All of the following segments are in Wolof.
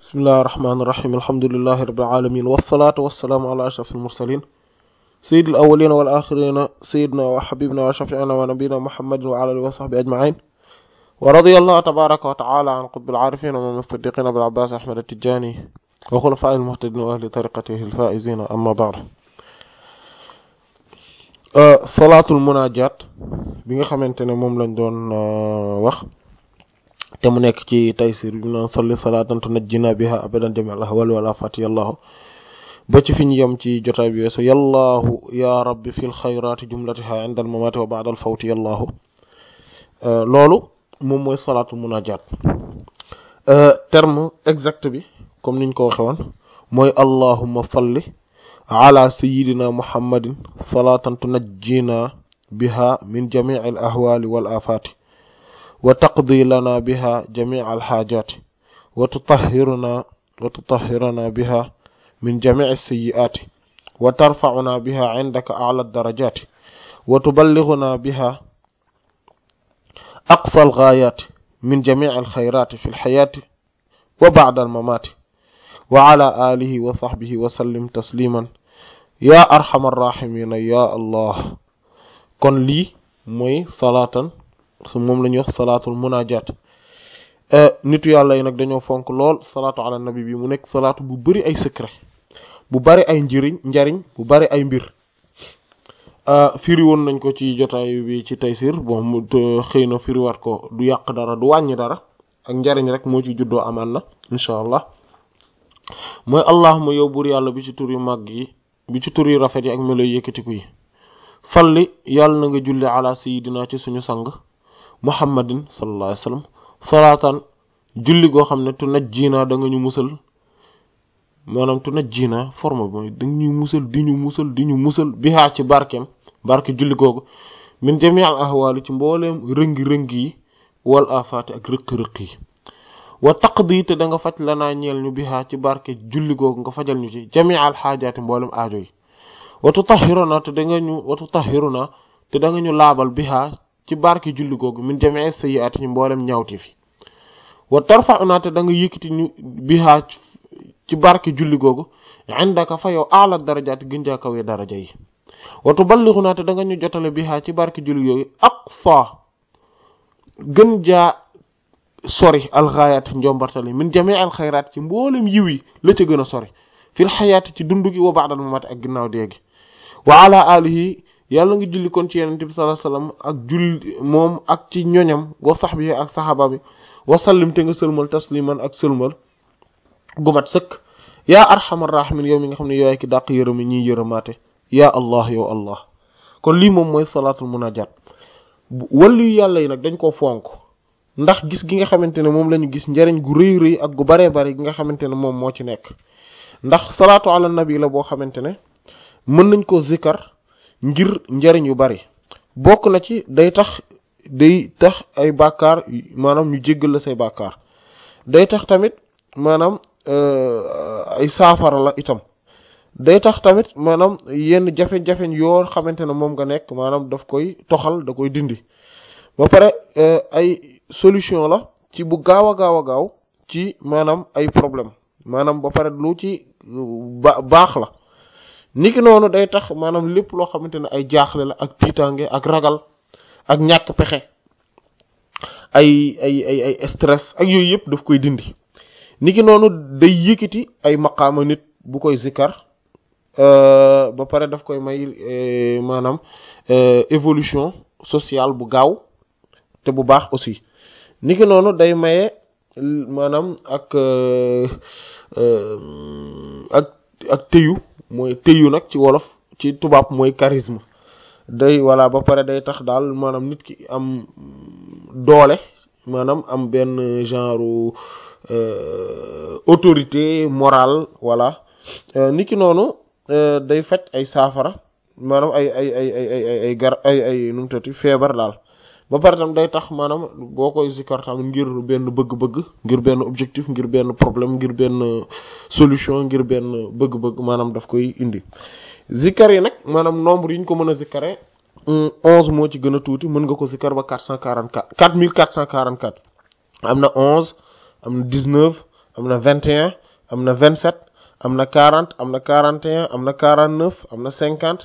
bismillahi irrahmani irrahim alhamdulilahi rabilalamin wasalaatu wasalaamu ala ashraf almursalin sayid al awalina wal axirina sayidna wa xabibna wa shafiina wa nabina muhammadin wa ala alihi wa sahbi ajmain wa radia allahu tabaraka wa taala an qutbil aarifin wa mam sadiqin abul abbas ahmad atijani wa xulafaa almuhtadin wa ahli tariqatihi alfaizina amma baad salaatul munajat bi nga xamante ne moom lañ doon uh, wax te mu nekk ci taysir bi naan salli salaatan tunajjina biha abadan jami al ahwal wala fati allahu ba ci fi ñu yem ci jotaay bi weesu yallaahu yaa rabbi fil xayraati jumlatiha inda al mamaati wa baada al fawti yallaahu euh, loolu moom mooy salaatul munajaat euh, terme exact bi comme niñ ko waxe woon mooy allahumma salli ala sayidina muhammadin salaatan tunajjina biha min jamii al ahwali wal afaati wa taqdi lana biha jami' alxaajaati wa tutahhiruna wa tutahhiruna biha min jami' as-sayyi'aati wa tarfa'una biha 'indaka a'la ad-darajaati wa tuballighuna biha aqsa al-ghaayaati min jami' al-khayraati fi al-hayaati wa ba'da al-mamaati wa 'ala aalihi wa sahbihi wa sallim tasliiman yaa arhamar raahimiin yaa Allah kon lii mooy salaatan su moom la ñuy wax salaatul munaajaat eh, nitu yàlla yi nag dañoo fonk lool salaatu ala nabi bi mu nekk salaatu bu bari ay secret bu bari ay njëriñ njariñ bu bari ay mbir eh, firi woon nañ ko ci jotaay bi ci taysir bon mu xëy na firiwaat ko du yàq dara du wàññi dara ak njariñ rek moo ci juddoo amaan na incha allah mooy allahuma yow buur yàlla bi ci tur yu màgg yi bi ci tur yu rafet yi ak melo yëkkatiku yi salli yàlla na nga julli ala sayidina ci suñu sang muhammadin sallallahu alayhi wa sallam salaataan julli goo xam ne tu naj jiinaa da ñu musal maanaam tu naj jiinaa forme bi mooy da ñuy musal di ñu musal di ñu musal bihaa ci barkeem barke julli googu min jamii ahwaali ci mbooleem rëngi-rëngi yi wal afaati ak rëq-rëq yi wa taqdi te da nga faj lanaa ñeel ñu bihaa ci barke julli googu nga fajal ñu ci jamii al xaajaati mbooleem aajo yi wa tutahhiruna te da nga ñu wa tutahhiruna te da ñu laabal bihaa ci barke julli googu min jamee sayyi'aati ñu mboolem ñaawte fi wa tarfa'una te danga nga ñu bihaa ci barke julli googu indaka fa yow a'la darajaati gën jaa kawe daraja yi wa tuballighuna te da nga ñu jotale bihaa ci barke julli googu aqsa gën jaa sori alxaayaat njombartali min jamee alxayraat ci mboolem yiw yi la ca gën a sori fil xayaati ci dund gi wa ba'dal mamaat ak ginnaaw dee gi wa alihi yàlla nga julli kon ci yenente bi sallallahu alayhi ak julli moom ak ci ñoñam wa sahbihi ak saxaaba bi wasallim te nga sëlmal tasliman ak sëlmal gu sëkk yaa arhamar rahimin yow mi nga xam ne yooy dàq yërëmi ñiy yërëmaate yaa allah yow allah kon lii moom mooy salaatul munajat wàllu yàlla yi nag dañ koo fonk ndax gis gi nga xamante ne moom la gis njariñ gu rëy ak gu baree bari gi nga xamante ne moom moo ci nekk ndax salaatu ala nabi la boo xamante ne mën nañ koo zikar ngir njariñ yu bari bokk na ci day tax day tax ay bàkkaar maanaam ñu jéggal la say bàkkaar day tax tamit maanaam euh, ay saafara la itam day tax tamit maanaam yenn jafe-jafe yoo xamante ne moom nga nekk maanaam daf koy toxal da koy dindi ba pare euh, ay solution la ci bu gaaw a gaaw a gaaw ci maanaam ay problème maanaam ba pare lu ci euh, baax la niki noonu day tax maanaam lépp loo xamante ne ay jaaxle la ak tiitaange ak ragal ak ñàkk pexe ay ay ay ay stress ak yooyu yëpp daf koy dindi niki noonu day yëkkati ay maqaama nit bu koy zikkar euh, ba pare daf koy may euh, maanaam euh, évolution sociale bu gaaw te bu baax aussi niki noonu day maye maanaam ak ak ak tëyu mooy téyu nag ci wolof ci tubaab mooy charisme day voilà ba pare day tax daal maanaam nit ki am doole maanaam am benn genre euh, autorité morale voilà euh, nit ki noonu euh, day faj ay saafara maanaam ay ay ay ay garab ay gar ay ay nu mu feebar daal ba pare tam day tax maanaam boo koy zikkar tam ngir benn bëgg-bëgg ngir benn objectif ngir benn problème ngir benn solution ngir benn bëgg-bëgg maanaam daf koy indi zikkar yi nag maanaam nombre yi ñu ko mën a zikkare mm, onze moo ci gën a tuuti mën nga ko zikkar ba quatre cent quarante quatre quatre mille quatre cent quarante quatre am na onze am na dix-neuf am na vingt et am na vingt-sept am na quarante am na quarante am na quarante-neuf am na cinquante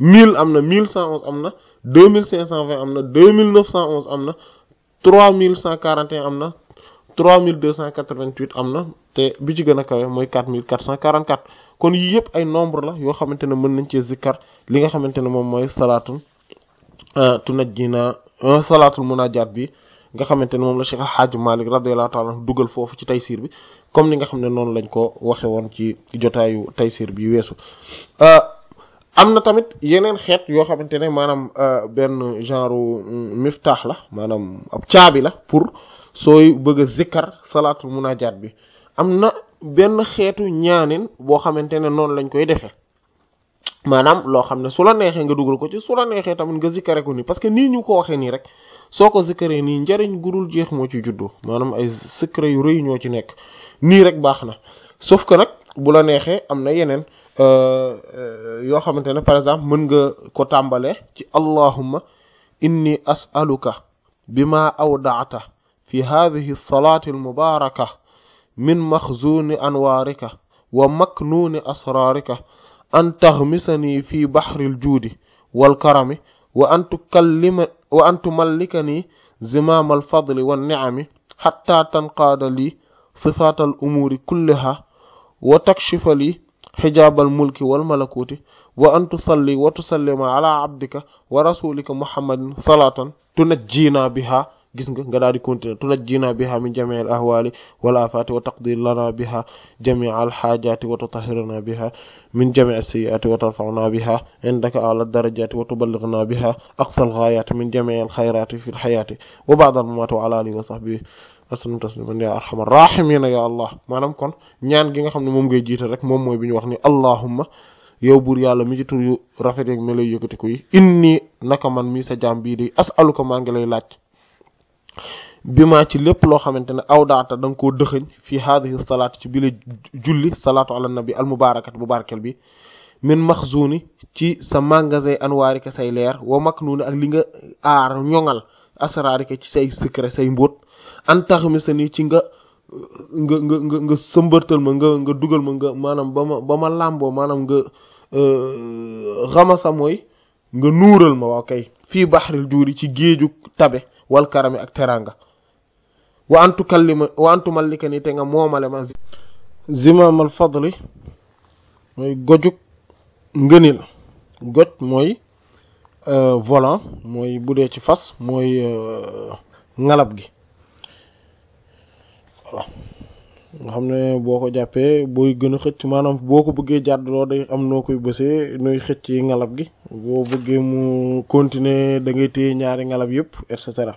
1000 am na mille 1111 am na mille 2520 am na mille 2911 am na 3141 am na 3288 am na te bi ci gën a kawe mooy 4444 kon yii yëpp ay nombre la yoo xamante ne mën nañ cee zikkar li nga xamante ne moom mooy salaatul euh, tunajjina euh, salaatul munaajaat bi nga xamante ne moom la Cheikh Alhaaji Malik radiyallahu taala dugal foofu ci taysiir bi comme ni nga xam ne noonu lañ ko waxe woon ci jotaayu taysiir bi weesu euh, am na tamit yeneen xeet yoo xamante ne maanaam euh, benn genre mm, miftaax la maanaam ab caabi la pour sooy bëgg a zikkar salaatul munaajaat bi am na benn xeetu ñaanin boo xamante ne noonu lañ koy defee maanaam loo xam ne su la neexee nga dugal ko ci su la neexee tamit nga zikkare ko nii parce que nii ñu ko waxee nii rek soo ko zikkaree nii njariñ gudul jeex moo ci juddu maanaam ay secret yu rëy ñoo ci nekk nii rek baax na sauf ko nag bu la neexee am na yeneen Euh, euh, yoo xamante ne par exemple mën nga ko tàmbale ci allahumma inni as'aluka bima awdaata fi hadhihi salati almubaraka min maxzuuni anwaarika wa maknuuni asraarika an taxmisanii fi baxril juudi wal karami wa an tukallima wa an tumallikanii zimaam alfadli wa nicami xatta tanqaada lii sifaatal umuuri kulliha wa takshifa lii xijaabal mulki wal malakuuti wa an tusalli wa tusallima ala abdika wa rasulika muhammadin salaatan tunajjina biha gis nga nga daal di continuer tunajjina biha min jamii al ahwaali wal afaati wa taqdi lana biha jamii al xaajaati wa tutahhirana biha min jamii al sayyiaati wa tarfa'na biha indaka ala darajaati wa tuballighna biha aqsa al ghaayaati min jamii al khayraati fi al hayaati wa ba'da al mamaati wa ala alihi wa sahbihi aslam tasliman ya arhamar rahimin ya allah maanaam kon ñaan gi nga xam ne moom ngay jiital rek moom mooy bi ñu wax ni allahumma yow buur yàlla mi ci tur yu rafet ak melay yëkkatiku yi inni naka man mii sa jaam bii di as'aluka maa ngi lay laaj bi maa ci lépp loo xamante ne awdaata da nga koo dëxëñ fii haadihi salaat ci bi la julli salaatu ala nabi al mubarakat bu barkel bi min maxzuni ci sa magasin anwaarika say leer wa maknuni ak li nga aar ñoŋal asraarika ci say secret say mbóot antaxamisani ci nga ci nga nga nga sëmbërtal ma nga nga dugal ma nga maanaam ba ma ba ma làmboo maanaam nga euh, ramasa mooy nga nuural ma waa kay fii baxril juuri ci géeju tabe wal karame ak teranga wa antu kallima wa antu mallika ni te nga moomale ma zimaamal fadli mooy gojug ngënil goj mooy euh, volant mooy bu dee ci fas mooy euh, ngalab gi voilà xam ne boo ko jàppee booy gën a xëcc maanaam boo ko bëggee jàddaloo day am noo koy bësee nooy xëcc gi boo bëggee mu continuer da ñaari ngalab yëpp et cetera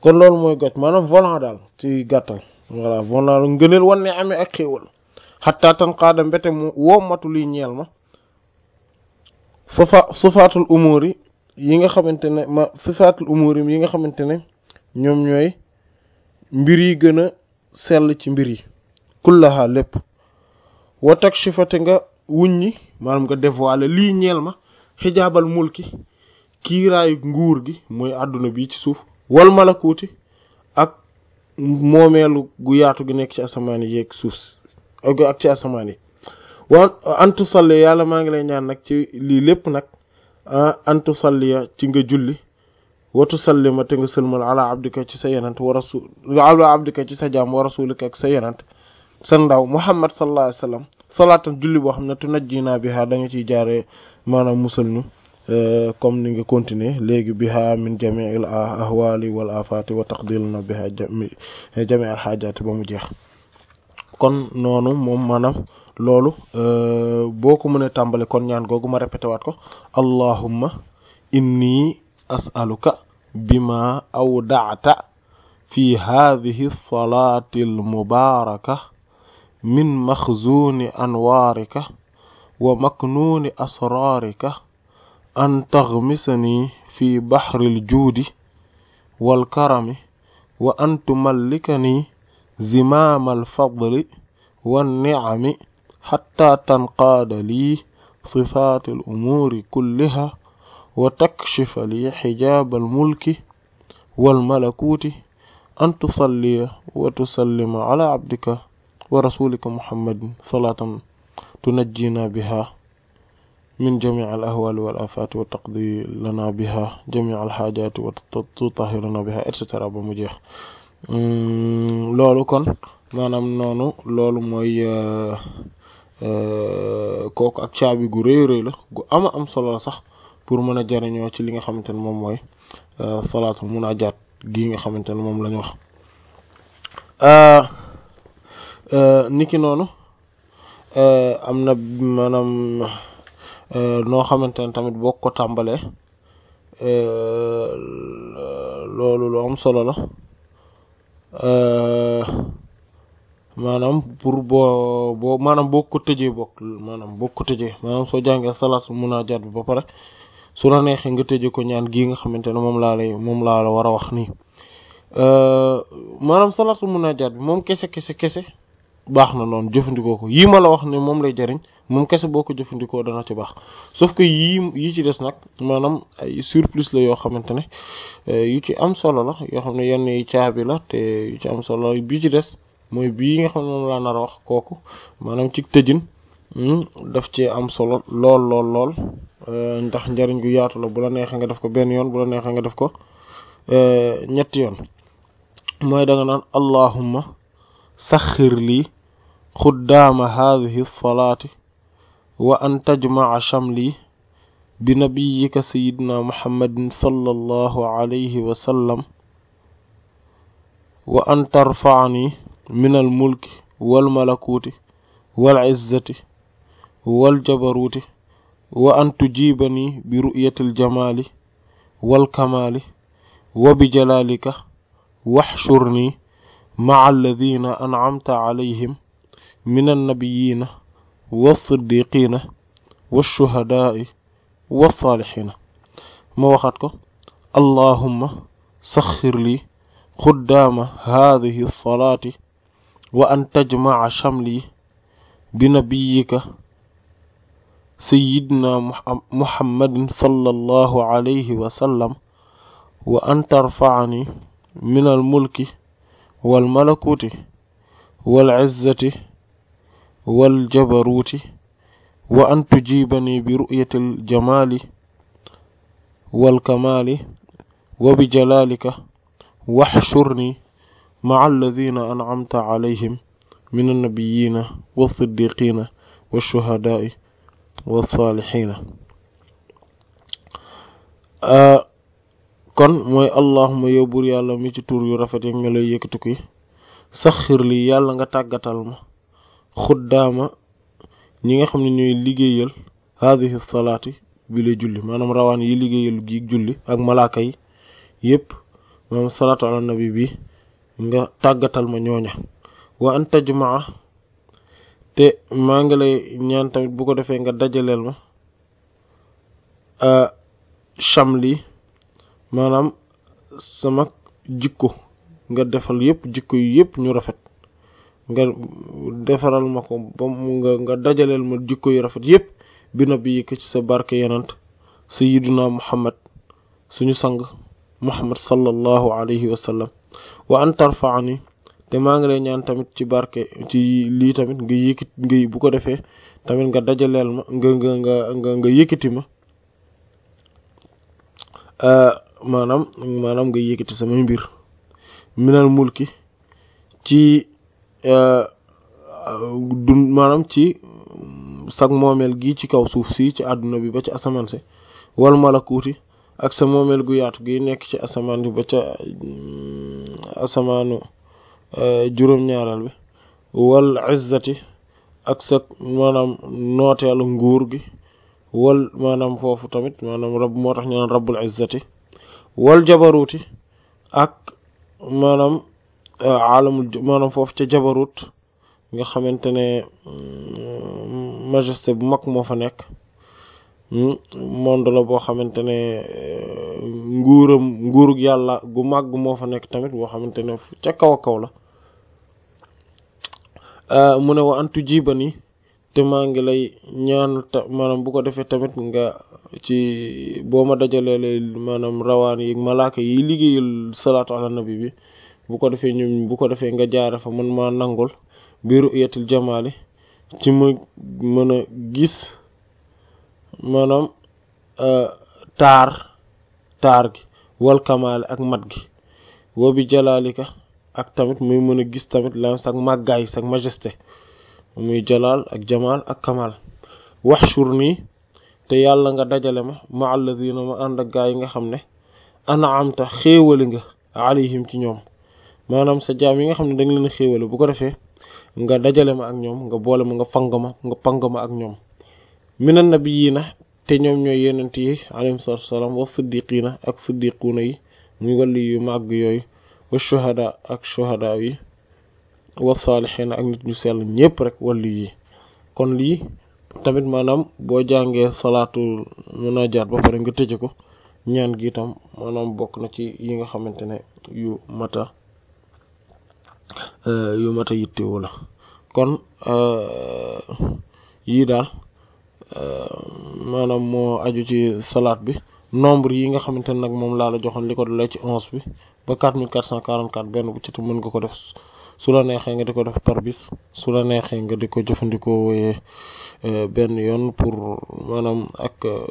kon loolu mooy goj maanaam volant daal ci gàttal voilà volant ngëneel wan ne amee ak xéewal xattaa tan xaada mbete mu woo matu luy ñeel ma sufa sufaatul umur yi nga xamante ne ma sufaatul umur yi nga xamante ne ñoom ñooy mbir yi gën a sell ci mbir yi kullaha lépp wa takshifa te nga wuññi maanaam nga dévoiler lii ñeel ma xijaabal mulki kiiraayu nguur gi mooy àdduna bi ci suuf wal malakuuti ak moomeelu gu yaatu gi nekk ci asamaan yi yeeg suuf ak ci asamaan yi wa antu salli yàlla maa ngi lay ñaan nag ci lii lépp nag ah, antu salli ya ci nga julli wa tusallima te nga sëlmal ala abdika ci sa yenant wa rasul ala abdika ci sa jaam wa rasulika ak sa yenant sa ndaw muhammad sallallahu alayhi wa sallam salaatan julli boo xam ne tu tunajjina biha da nga ciy jaaree maanaam musal ñu euh, comme ni nga continuer léegi biha min jamiil ahwali wal afati wa taqdilna biha jamiil xaajaati ba mu jeex kon noonu moom maanaam loolu euh, boo ko mënee tàmbale kon ñaan googu ma répété waat ko allahumma inni as'aluka bima awda'ta fi hadhihi as-salati al-mubarakah min makhzuni anwarika wa maknuni asrarika an taghmisani fi bahri al-judi wal karami wa an tumallikani زمام الفضل والنعم حتى تنقاد لي صفات الأمور كلها وتكشف لي حجاب الملك والملكوت أن تصلي وتسلم على عبدك ورسولك محمد صلاة تنجينا بها من جميع الأهوال والآفات وتقضي لنا بها جميع الحاجات وتطهرنا بها etcetera ba mu jeex loolu kon maanaam noonu loolu mooy kooku ak caabi gu rëy rëy la gu ama am solo la sax pour mën a jariñoo ci li nga xamante ne moom mooy euh, salaatul jaat gii nga xamante ne moom la ñu wax euh, euh, niki noonu am na maanaam noo xamante ne tamit boo ko tàmbalee loolu lu am solo la maanaam pour boo boo maanaam boo ko tëjee bokk maanaam boo ko tëjee maanaam soo jàngee ba pare su la neexee nga tëjee ko ñaan gii nga xamante ne moom laa moom laa la war a wax nii euh, maanaam salaatul jaar bi moom kese kese kese baax na noonu jëfandikoo ko yii ma la wax ne moom lay jariñ moom kese boo ko jëfandikoo dana ci baax sauf que yii yi ci des nag maanaam ay surplus la yoo xamante ne euh, yu ci am solo la yoo xam ne yenn yi caabi la te yu ci am solo la bii ci des mooy bii nga xam ne moom laa nar a wax kooku maanaam ci tëjin Hmm, daf cee am solo lool lool lool %e ndax njëriñ gu yaatu la bu la neexee nga def ko benn yoon bu la neexee nga def ko %e ñetti yoon mooy da nga naan allahumma saxir lii xuddaama haadihi salaati wa an tajmaa chamli bi nabiyika sayidina muhammadin sallallahu alayhi wa sallam wa an tarfaani min al mulki wal malakuuti wal izzati wal jabaruuti wa an tujibani bi ru'yatil jamaali wal kamaali wa bi jalaalika waxshurni maa alladina ancamta alayhim min annabiyiina wassiddiqiina washuhadaai wassaalixiina ma waxaat ko allahumma saxir lii xuddaama haadihi salaati wa an tajmaca chamli bi nabiyika sayyidina muhammadin sallallahu alayhi wa sallam wa an tarfa'ani min al mulki wal malakuti wal izzati wal jabaruti wa an tujibani bi ru'yatil jamali wal kamali wa bi jalalika wahshurni ma'a alladhina an'amta alayhim min an-nabiyyina was-siddiqina wash-shuhada'i wasaalihina kon mooy allahuma yow buur yàlla mi ci tur yu rafet yi melo yëkkatiku yi saxir lii yàlla nga tàggatal ma xuddaama ñi nga xam ne ñooy liggéeyal haadihi salaati bi la julli maanaam rawaan yi liggéeyal gi julli ak malaaka yi yëpp maanaam salaatu ala nabi bi nga tàggatal ma ñooña wa an tajmaa te maa ngi lay ñaan tamit bu ko defee nga dajaleel ma chamli maanaam sama jikko nga defal yëpp jikko yi yëpp ñu rafet nga defaral ma ko ba mu nga nga dajaleel ma jikko yu rafet yëpp bi nabi yi ci sa barke yenant sayyiduna muhammad suñu sang muhammad sallallahu alayhi wa sallam wa an te maa ngi lay ñaan tamit ci barke ci lii tamit nga yëkkit nga bu ko defee tamit nga dajaleel ma nga nga nga nga nga yëkkati ma ah, maanaam maanaam nga yëkkati samay mbir minal mulki ci ah, du maanaam ci sag moomeel gi ci kaw suuf si ci àdduna bi ba ci asamaan si wal kuuti ak sa moomeel gu yaatu gi nekk ci asamaan bi ba ca mm, asamaanu Eh, juróom-ñaareel bi wal izzati ak maanaam nooteelu nguur gi wal maanaam foofu tamit maanaam rab moo tax ñu naan rabbul izzati wal jabaruuti ak maanaam eh, aalamul maanaam foofu ca jabarut nga xamante ne mm, majesté bu mag moo fa nekk hmm, monde boo xamante ne eh, nguuram nguurug yàlla gu màgg moo fa nekk tamit boo xamante ne ca kaw a kaw la Ah, mu ne wa an nii te maa ngi lay ñaan ta maanaam bu ko defee tamit nga ci boo ma dajalee maanaam rawaan yi malaaka yi liggéeyal salaatu ala nabi bi bu ko defee ñu bu ko defee nga jaare fa man maa nangul bi ru'yatil jamaali ci ma mën a gis maanaam ah, taar taar gi wal ak mat gi wa jalaalika ak tamit muy mën a gis tamit lan sag màggaay sag majesté muy jalaal ak jamaal ak kamal waxshur nii te yàlla nga dajale ma ma alladina ma ànd ak gaa yi nga xam ne anaamta xéewali nga alayhim ci ñoom maanaam sa jaam yi nga xam ne dañ leen xéewale bu ko defee nga dajale ma ak ñoom nga boole ma nga fang ma nga pang ma ak ñoom yii na te ñoom ñooy yenent yi alayhim salaatu wa salaam wa siddiqiina ak siddiquuna yi muy wàlli yu màgg yooyu wa shuhada ak shuhada yi wa saalihiina ak nit ñu sell ñëpp rek wàllu yi kon lii tamit maanaam boo jàngee salaatu munajaat ba pare nga tëje ko ñaan gi itam maanaam bokk na ci yi nga xamante ne yu mata yu mata yittewu la kon euh, yii daal euh, maanaam moo aju ci salaat bi nombre yi nga xamante ne nag moom laa la joxoon li ko dalee ci onze bi ba quatre mille quatre cent benn bu ci te mën nga ko def su la neexee nga di ko def par bis su la neexee nga di ko jëfandikoo euh, benn yoon pour maanaam ak euh,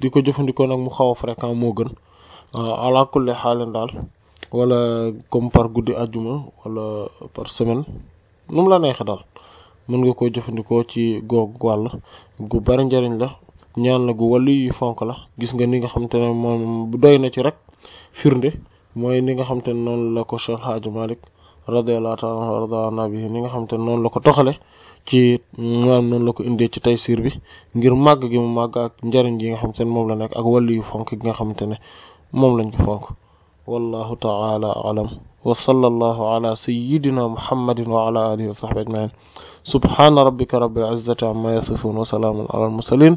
di ko jëfandikoo nag mu xaw a fréquent moo gën euh, ala kulli xaalan daal wala comme par guddi àjjuma wala par semaine nu mu la neexee daal mën nga koo jëfandikoo ci googu wàll gu bari njëriñ la. ñaan la gu wàllu fonk la gis nga ni nga xam te ne moom doy na ci rek firnde mooy ni nga xam te ne noonu la ko Cheikh Hadji Malick radiyallahu ta'ala warda bi ni nga xam te ne noonu la ko toxale ci maanaam la ko indee ci Tayssîr bi ngir màgg gi mu màgg ak njëriñ nga xam te ne moom la nekk ak wàllu yu fonk gi nga xam ne moom lañ ko fonk wallahu ta'ala a'lam wa sallallahu ala sayyidina muhammadin wa ala alihi wa sahbihi ajma'in subhana rabbika rabbil izzati amma yasifun wa salamun ala al